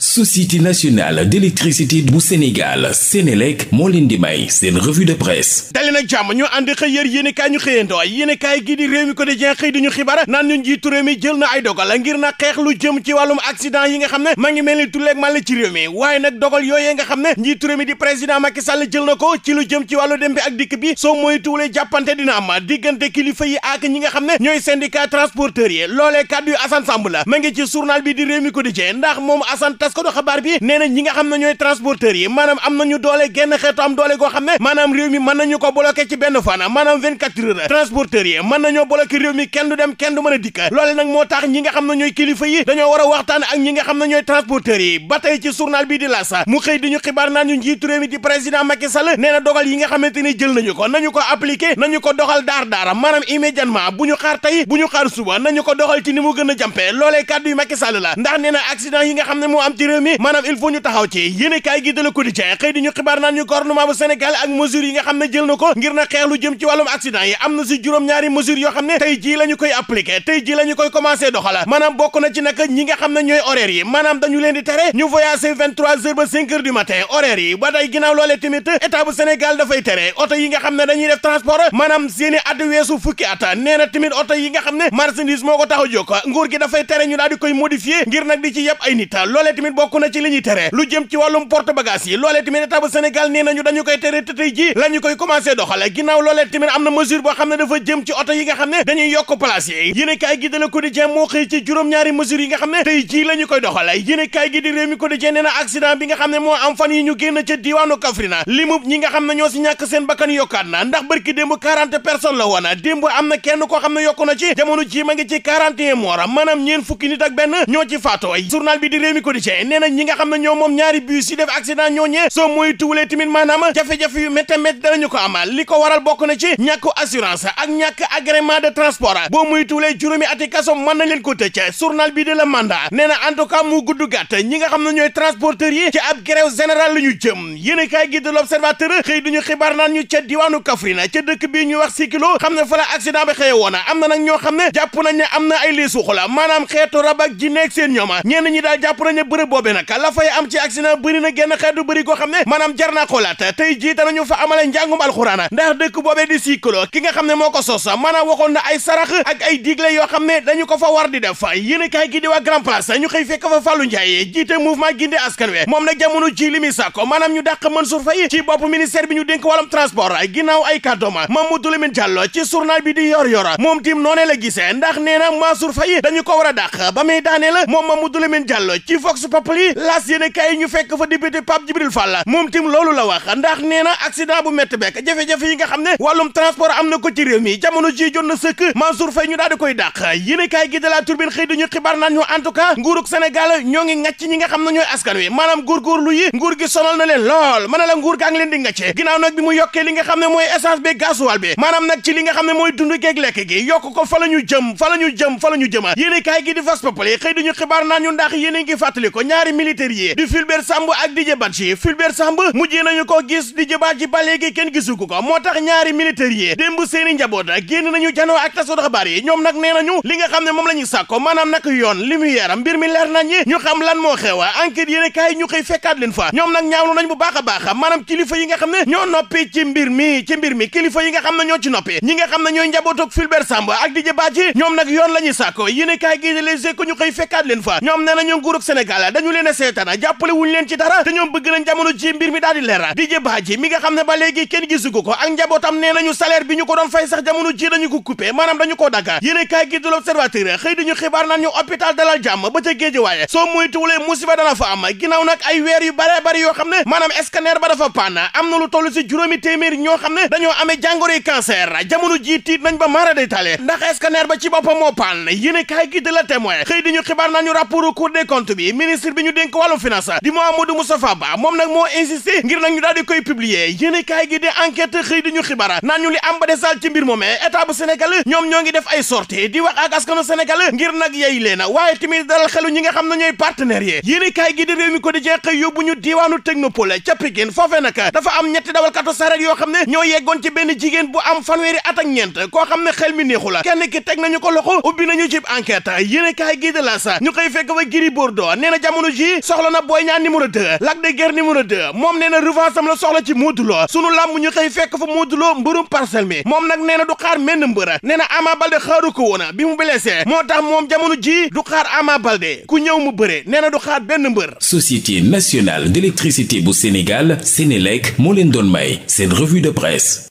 société nationale d'électricité bu Sénégal Sénélec moo leen di may seen revue de presse dali nag jàmm ñu ànd xëy yér yéenekaay ñu xëyandoo yéenekaay gi di Rewmi Quotidien xëy di ñu xibaar naan ñu njiitu réew mi jël na ay dogal ngir na xeex lu jëm ci wàllum accident yi nga xam ne ma ngi mel ni tulleeg màlle ci réew mi waaye nag dogal yooyee nga xam ne njiitu réew mi di président Macky Sall jël na ko ci lu jëm ci wàllu dem bi ak dikk bi soo taskatu xabaar bi nee na ñi nga xam ne ñooy transporteurs yi maanaam am nañu doole genn xeetu am doole goo xam ne maanaam réew mi mën nañu ko bloqué ci benn fan maanaam 24 heures transporteurs yi mën nañoo bloqué réew mi kenn du dem kenn du mën a dikk loole nag moo tax ñi nga xam ne ñooy kilifa yi dañoo war a waxtaan ak ñi nga xam ñooy transporteurs yi ba ci journal bi di L'As mu xëy di ñu xibaar naan ñu njiitu réew mi di président Macky Sall nee bu ñu xaar tey bu na accident ne moo am ci réew mi maanaam il faut ñu taxaw ci yéene kaay gi de la quotidien xëy di ñu xibaar naan ñu gouvernement bu Sénégal ak mesures yi nga xam ne jël na ko ngir na xeex lu jëm ci wàllum accident yi am na si juróom-ñaari mesures yoo xam ne tey jii la ñu koy appliqué tey jii la ñu koy commencé doxala maanaam bokk na ci nag ñi nga xam ne ñooy horaire yi maanaam dañu leen di tere ñu voyager vingt-trois heures ba cinq heures du matin yi ba tey ginnaaw loolee tamit état bu Sénégal dafay oto yi nga xam ne dañuy def transport a jóg nit tamit bokk na ci li ñuy tere lu jëm ci wàllum porte bagage yi loolee tamit état bu Sénégal nee nañu dañu koy tere te tey ji la ñu koy commencé doxale ginnaaw loolee tamit am na mesure boo xam ne dafa jëm ci oto yi nga xam ne dañuy yokk place yi yéen kaay gi de la quotidien moo xëy ci juróom-ñaari mesures yi nga xam ne tey ji la ñu koy doxale yéen kaay gi di réew mi quotidien nee na accident bi nga xam ne moo am fan yi ñu génn ca diwaanu Kaffrine limub ñi nga xam ne ñoo si ñàkk seen bakkan yokkaat na ndax barki démb 40 personnes la woon démb kenn koo xam ne yokku na ci jamono ji ma ngi ci 41 mort maanaam ñeen fukki nit ak benn ñoo ci faatooy journal bi di réew mi quotidien na ñi nga xam ne ñoo moom ñaari bus yi def accident ñooñee soo mooy tuwulee tamit maanaam jafe-jafe yu métte métt ko amal li ko waral bokk na ci ñàkku assurance ak ñàkk agrément de transport boo muy tuwulee juróomi ati kaso mën nañ leen ko tëcc journal bi de la mandat nee na mu gudd gàtt ñi nga xam ne ñooy transporteurs yi ci ab grève générale la ñu jëm yéen i kaay gi xëy duñu xibaar naan ñu ca diwaanu Kaffrine ca dëkk bii ñuy wax Sikilo xam ne fa la accident bi xëye woona bërëb boobee nag la fay am ci accident bëri na genn xeetu bëri koo xam ne maanaam jar naa xoolaat tey jii danañu fa amale njàngum alxuraana ndax dëkk boobee di Sikolo ki nga xam ne moo ko sos maanaam waxoon na ay sarax ay digle yoo xam ne dañu ko fa war di def yéen a kaay gi di waa Grand Place ñu xëy fekk fa Fallou Ndiaye jiite mouvement gindi askan we moom nag jamono ji li muy sàkko maanaam ñu dàq Mansour Faye ci bopp ministère bi ñu dénk wàllum transport a populi las yéene kaay yi ñu fekk fa député Pape Djibril Fall moom tim loolu la wax ndax nee na accident bu métti bekk jafe-jafe yi nga xam ne wàllum transport am na ko ci réew mi jamono ji jot na sëkk Mansour Faye ñu daal koy dàq yéene kaay gi de la turbine xëy dañu xibaar naan ñu en tout cas ñoo ngi ngàcc ñi nga xam ne ñooy askan wi maanaam góorgóorlu yi nguur gi sonal na leen lool mën na la nguur gaa ngi leen di ngàcce ginnaaw nag bi mu yokkee li nga xam mooy essence bi gasoil ñu jëm fa la ñu jëm fa la ñu jëm yéene ko ñaari militaires yi di Fulbert Sambou ak Didier Badji Fulbert Sambou mujjee nañu ko gis Didier Badji ba léegi kenn gisu ko moo tax ñaari militaires yi démb seeni njaboot génn nañu janoo ak tasoot xabaar yi ñoom nag nee nañu li nga xam ne moom la ñu sàkko maanaam nag yoon li mu yaram mbir mi leer nañ ñi ñu xam lan moo xew enquête yéene kaay ñu koy fekkaat leen fa ñoom nag ñaawlu nañ bu baax a baax maanaam kilifa yi nga xam ne ñoo noppi ci mbir mi ci mbir mi kilifa yi nga xam ne ñoo ci noppi ñi nga xam ne ñooy njabootoog Fulbert Sambou ak Didier Badji ñoom nag yoon la ñuy sàkko yéene kaay gi Les Échos ñu koy fekkaat leen fa ñoom nee nañu nguurug Sénégal dañu leen a seetaan jàppale leen ci dara te ñoom bëgg nañ jamono ji mbir mi daal di leer Didier mi nga xam ne ba léegi kenn gisugu ko ak njabootam nee nañu salaire bi ñu ko doon fay sax jamono ji dañu ko coupé maanaam dañu ko dagg yéen a kaay gi du l'Observateur xëy dañu xibaar naan ñu hôpital Dalal Jàmm ba ca Géejawaay soo moytuwulee musiba dana fa am ginnaaw nag ay weer yu bare yoo xam ne maanaam scanner ba dafa panne am na lu toll si juróomi téeméer ñoo xam ne dañoo amee jàngoroy ji tiit nañ ba maara day tale ndax scanner ba ci a kaay gi de la témoin xëy ñu rapport Cour des comptes ministre bi ñu dénk wàllu finance di Mouhamadou Moustapha Ba moom nag moo insisté ngir nag ñu daal di koy publier yéene kaay gi di xëy di ñu xibaar naan ñu li am ba de ci mbir moomee état bu ñoom ñoo ngi def ay sortie di wax ak askanu Sénégal ngir nag yey leen waaye tamit dalal xelu ñi nga xam ne ñooy partenaires yi yéene kaay gi di réew mi ko di jeexëy yóbbu ñu diiwaanu technopole ca Pikine foofee nag dafa am ñetti dawalkatu saret yoo xam ne ñoo yeggoon ci benn jigéen bu am fanweeri at ak xam ne xel mi neexu la kenn nañu ko loxo ubbi nañu ci enquête yéene jamono ji soxla na Boy Niang numéro 2 Lac de Guiers numéro 2 moom nee na revanche am la soxla ci Modou Lo sunu làmb ñu xëy fekk fa Modou Lo mbërum parcelle mi moom nag nee na du xaar menn mbër nee na Ama Baldé xaaru ko woon bi mu blessé moo tax moom jamono ji du xaar Ama Baldé ku ñëw mu bëre nee na du xaar benn mbër Société nationale d'électricité bu Sénégal Sénélec moo leen doon may seen revue de presse